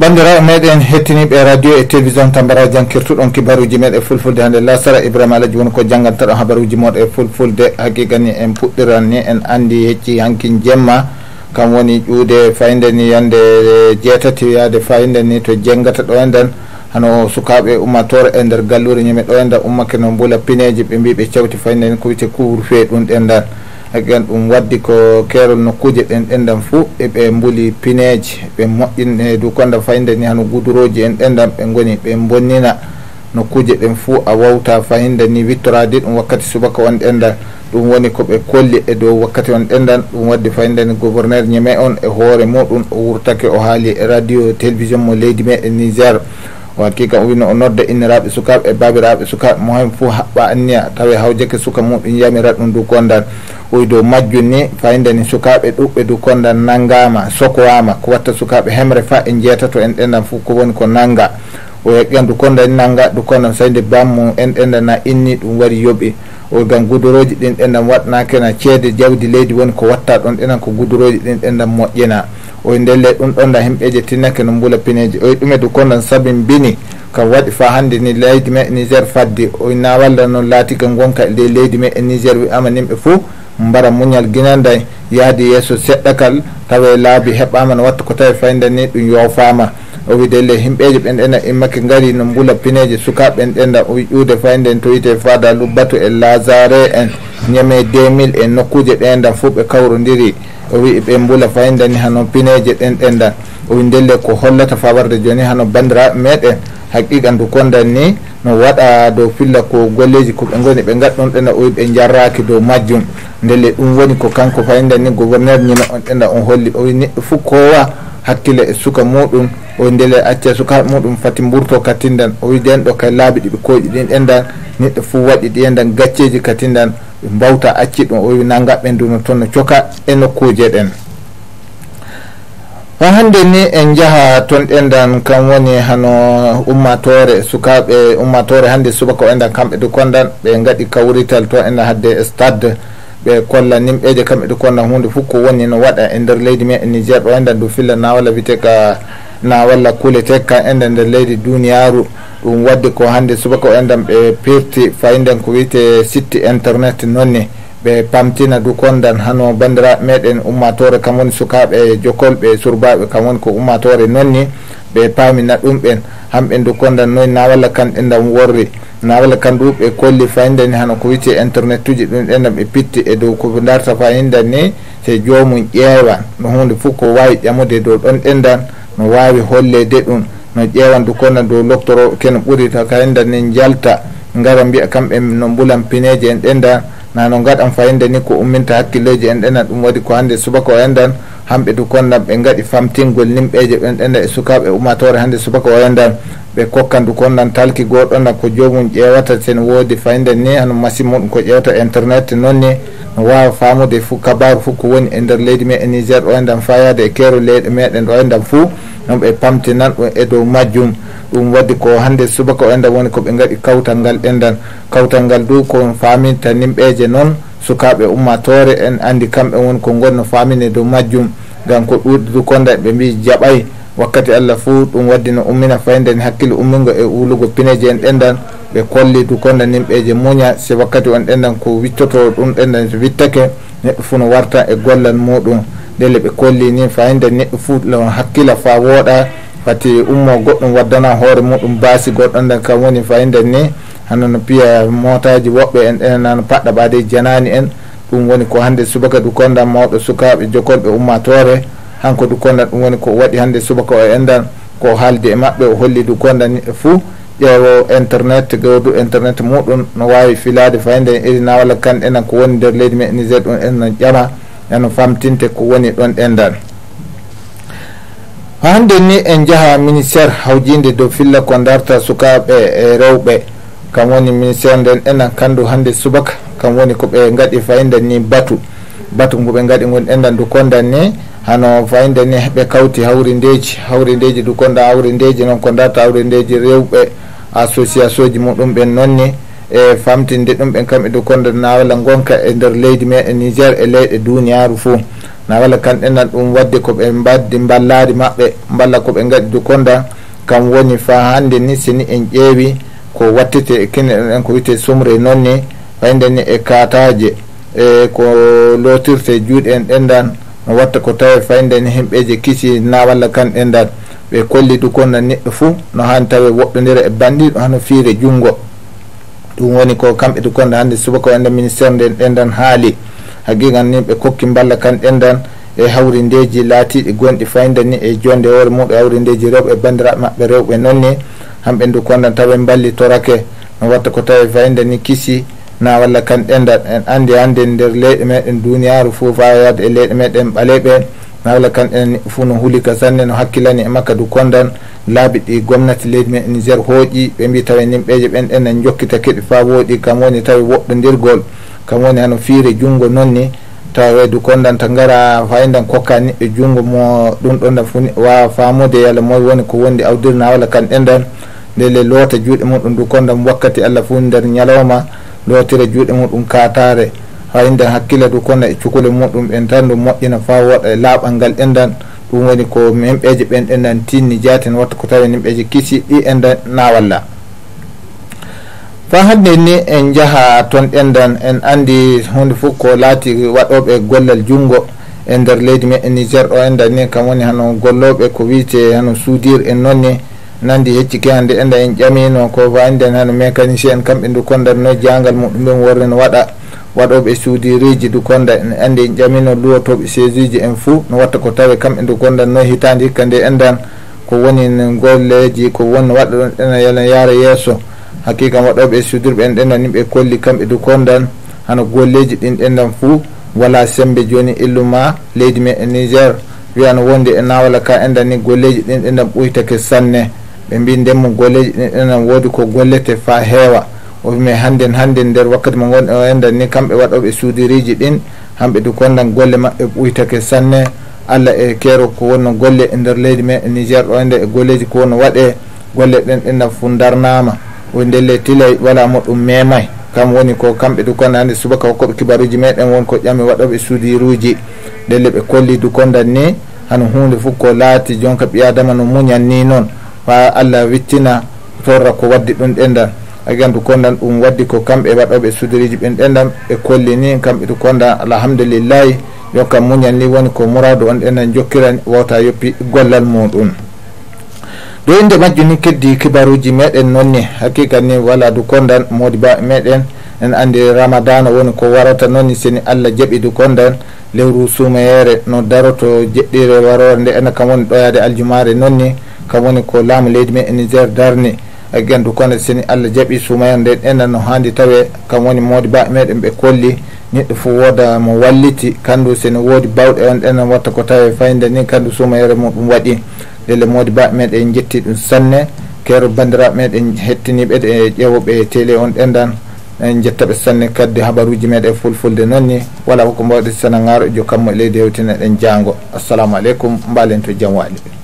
bandiraɓe meɗen hettiniɓe radio et télévision tambara jankirtuɗon kibaruji meɗe fulfulde hande lasara ibrahima alaji woni ko jangganta ɗon habaruji moɗo e fulfulde haqiqani en puɗɗiran ni en andi hecci hanki jemma kam woni ƴuude fayde ni yande e, jeetati yaade fayde ni to jengata ɗo e nden hano sukaɓe ummatore e nder gallure ñamen ɗo e nden ummake no mbula pineji ɓe mbiɓe cawti fayde ni ko wite couvre fe ɗum ɗen ndan eggen ɗum waddi ko keerol nokkuje ɗen ɗenndan fuu eɓe mbuli pineji ɓe moƴƴine du konda fayde ni hano guduroji en ɗenndan ɓe goni ɓe bonnina nokkuje ɗen fuu a wawta fayde ni wittoradi ɗum wakkati subaka on ɗenndan ɗum woni ko ɓe kolli e dow wakkati on ɗendan ɗum waddi fayndani gouverneur ñeme on e hoore muɗum o wurtake o haali e radio télévision mo leydi meɗen niger o hakkika o wino o nodda inniraɓe sukaɓe e babiraɓe sukaɓe mo hami fou haɓɓa anniya tawi hawjake suka muɗum yamirat ɗum dow gondan oy dow majjum ni fayndani sukaɓe ɗuɓɓe dow gondan nanggama sokowama ko watta sukaɓe hemre fa en jeetato en ɗendan fof ko woni ko nangga o yeƴƴan du kondani nangga du kondan sayde bammu en ɗendana inni ɗum wari yoɓi o gam gudoroji ɗin ɗenɗam waɗnaka na ceede jawdi leydi woni ko watta ɗon ɗenan ko gudoroji ɗin ɗenɗam moƴƴina oye ndelle ɗum ɗon da himɓeje tinnake no mbula pineji oye ɗumedu konon sabin bini kam waɗi fa hande ni leydi me e niger faddi oy na walla noon laatiga gonka e ley leydi me e niger wiyama nimɓe fo mbara muñal guinanday yaadi yesso seɗɗa kal tawa laabi heɓama no watta ko tawi fayda ni ɗum yofama o wi dele himɓeje ɓen ɗena in e makke gaari no mbula pineje sukaɓe ɓen ɗenɗa o wi ƴuude fayden to wiyte fada lubbatu e lazare en ñame 2000 e nokkuje ɗenɗa fo ɓe kawrodiri o wi ɓe mbula fayndani hano pineje ɗen ɗenɗa o wi ndelle ko hollata fawarde joni hano bandiraɓe meɗen haqiqa ndu kondan ni no waɗa dow filla ko golleji ko ɓe goni ɓe gat ɗon ɗenɗa o wi ɓe jarraki dow majjum ndelle ɗum woni ko kanko fayndani gouverneur ñina on ɗenɗa on holli o wi neɗɗo fo kowa hakkille e suka muɗum o ndele acca sukaɓe muɗum fati mburto katindan o widen ɗo kay laabi ɗiɓe koyɗi ɗin ɗendan neɗɗo fo waɗi ɗiyendan gacceji katindan ɓe mbawta acci ɗum o wi nagaɓɓe nduno toon no coka e nokkuje ɗen o hande ni en jaaha toon ɗendan kam woni hano ummatore sukaɓe ummatore hande subaka o endan kamɓe du kondan ɓe gaɗi kawrital to enɗan hadde stade ɓe kolla nimɓeje kamɓe ɗo konna hunde fof ko woni no waɗa e nder leydi meɗen nigér ɗo enɗan ɗo filla na walla witeka na walla kuule tekka enɗa nder leydi duniyaru ɗum wadde ko hande subaka o enɗan ɓe pirti fayden ko wiyte sitte internet nonni ɓe pamtina du kondan hano bandiraɓe meɗen ummatore kam woni sukaɓe jokolɓe surbaɓe kam woni ko ummatore nonni ɓe paamina ɗum ɓen hamɓen du kondan noy na walla kamɓe dam worri na walla kandu ɓe kolli fayidani hano ko wite internet uji ɗum ɗenɗam ɓe pitti e dow ko darta fayidan ni se jomum ƴeewa no hunde fof ko wawi ƴamude dow ɗon ɗendan no wawi hollede ɗum no ƴeewan du kondan dow loctoro keno ɓuuri ta kayidan ni jalta gara mbiya kamɓe no mbulan pineji en ɗendan na no gaɗan fayida ni ko umminta hakkilloji en ɗenan ɗum waɗi ko hande subaka o endan hamɓe du konɗam ɓe gaɗi famtingol nimɓeje ɓen ɗenna e sukaɓe ummatore hannde subaka oyandan ɓe kokkan du konɗan talki goɗoɗan ko jomum ƴewata sene woodi fayde ni hano machine muɗum ko ƴewta internet noon ni no wawa famude fo kabaru fo ko woni e nder leydi me e nigér oyandan fayade e keero leyɗe meɗen oyandan fo noon ɓe pamtinan ɗum e dow majjum ɗum waddi ko hannde subaka oyandan woni koɓe gaɗi kawtal ngal ɗendan kawtal ngal du ko faminta nimɓeje noon sukaɓe ummatore en andi kamɓe won ko gonno famine dow majjum gam ko ɗuɗi dukonda ɓe mbi jaɓay wakkati allah fou ɗum waddi no ummina fayde n hakkille ummingo e wulugo pineji en ɗendan ɓe kolli dukonda nimɓeje muña si wakkati on ɗendan ko wittoto ɗum ɗendan so wittake neɗɗo fuu no warta e gollal muɗum ndele ɓe kolli ni fayde neɗɗo fuu lo hakkilla fa wooɗa fati ummo goɗɗum waddana hoore muɗum baasi goɗɗo nden kam woni fayden ni hande no piya motaji woɓɓe en enenano paɗɗa ɓade janani en ɗum woni ko hande subaka du konda mawɗo sukaɓe jokolɓe ummatore hanko du konda ɗum woni ko waɗi hande subaka o endan ko haaldi e maɓɓe o holli du konda e fou ƴeewo internet gawdu internet muɗum no wawi filade fayde irina walla kanɗe nan ko woni nder leydi me niger ɗum en no ƴama eno famtinte ko woni ɗon ɗendan hande ni en jaaha ministére hawjinde dow filla ko darta sukaɓe e rewɓe e, kam woni ministére nden enan kandu hande subaka kam woni koɓe gaɗi fayida ni batu batu goɓe gaɗi gon enan du kondan ni hano fayida ni ɓe kawti hawri ndeji hawri ndeji du konda awri ndeji noon ko darta awri ndeji rewɓe association ji muɗum ɓen nonni e famtinde ɗum ɓen kamɓe du konda nawala gonka e nder leydi meɗen nigér e leyɗe duniyaru fo nawala kan enan ɗum wadde koɓe mbaddi ballari maɓɓe balla koɓe gaɗi du konda kam woni fa hande ni sini en ƴeewi ko wattete kenen ko wittete somre nonne waydene e kaataje e ko lotirte juuɗeen ɗenndan no watta ko tawe fayndene hemɓeje kisi na walla kan ɗenndan ɓe kolli du konna neɗɗo fuu no hani tawe woɓɓondira e banndiɗo hano fiire junngo ɗum woni ko kamɓe du konna hannde suba ko wayde ministére nden ɗenndan haali haqiqan ni ɓe kokki mballa kan ɗenndan e hawrindeji laatiɗi gonɗi fayndani e jonde hoore muɗum e hawrindeji rewɓe e banndiraɓe maɓɓe rewɓe noon ni hamɓe ndu kondan taw en ballitorake no watta ko tawi fayde ni kisi na walla kan ɗendat en andi hande nder leyɗe meɗen duniyaru fo fawayade e leyɗe meɗen ɓaleɓe na walla kan ɗen fo no hulika sanne no hakkillani e makka du kondan laabi ɗi gomnati leydi meɗen niger hooƴi ɓe mbi tawi nimɓeje ɓen ɗen en jokkita keɗi fa wooɗi kam woni tawi woɗɗodirgol kam woni hano fiire junngo noonni tawa du kondan ta gara fayidan kokka niɗɗo junngo mo ɗum ɗon ɗan fo wawa famude yalla moy woni ko wondi awdir na walla kan ɗendan ndele loota juuɗe muɗum ndu kondam wakkati allah fuu nder ñalawma lootire juuɗe muɗum kaataare ha inden hakkille du kono e cukule muɗum en tan ɗu moƴƴina fa woɗa e laaɓal ngal endan ɗum woni ko memɓeeje ɓen ɗennan tinni jaaten watta ko tawi nimɓeeje kisiɗɗi endan nawalla fa hande ni en jaha toon ɗendan en anndi hunde fof ko laati waɗooɓe gollal junngo e ndeer leydi me e nigér o endan ni kam woni hano gollooɓe ko wiyte hano suudir en noon ni nandi hecci keyande enda en ƴamino ko vaniden hano mécanicien en kamɓe du kondatno jangal muɗumen worren waɗa waɗoɓe suudiriji du konda en andi en ƴamino luwotoɓe sege ji en fou no watta ko tawe kamɓe du kondatno hitande hikka nde endan ko woni golleji ko woni waɗa ɗon ɗena yana yaara yesso hakqiqa waɗoɓe sudirɓe en ɗenɗan yimɓe kolli kamɓe du kondan hano golleji ɗin ɗendan fou wala sembe joni illuma leydi me e niger wiyano wondi e nawala ka endan ni golleji ɗin ɗendan ɓuytake sanne ɓe mbi ndemmo golleji ɗiɗenan woodi ko gollete fa heewa o wimi hannden hannde nder wakkati mo gonɗe o endan ni kamɓe waɗoɓe suudiriji ɗin hamɓe du gondan golle maɓɓe ɓuytake sanne allah e keero ko wonno golle e nder leydi meɗen nigér ɗo ende e golleji ko wonno waɗe golle ɗen ɗenna fu darnama oy ndelle tilay wala moɗum memay kam woni ko kamɓe du gonda hannde subaka hokkoɓe kibaruji meɗen won ko ƴami waɗoɓe suudiruji ndelle ɓe kolli du gondan ni han hunde fof ko laati jonka ɓiyadama no muñan ni noon fa allah wittina torra ko waddi ɗum ɗenɗan a gandu kondan ɗum waddi ko kamɓe waɗoɓe sudariji ɓen ɗenɗan ɓe kolli ni kamɓe to konda alhamdulillahi jonkam muñan ni woni ko mouradou on ɗenɗan jokkiran wawta yoppi gollal muɗum do inde majju ni keddi kibaruji meɗen noonni hakikat ni wala du kondan modi ba meɗen en andi ramadan woni ko warata noonni seni allah jaɓi du kondan lewru sumayere no daroto jeɗɗire warore nde ena kam woni ɗoyade aljumare noonni kam woni ko laamu leydi me e niger darni e gendu kono sini allah jaɓi sumayan nde ɗennan no handi tawe kam woni modi ba meɗen ɓe kolli neɗɗo fo wooda mo walliti kandu sene woodi bawɗe on ɗennan watta ko tawe fayde ni kandu sumayere muɗum waɗi lele modi ba meɗen jetti ɗum sanne kero bandiraɓe meɗen hettiniɓe ɗe ƴewoɓe e télé on ɗendan en jettaɓe sanne kadi habaruji meɗen fulfulde nonni wala koko mbawɗe sana garo jo kammo e leydi hewtineɗen jango assalamu aleykum mbalen to jam waliɓe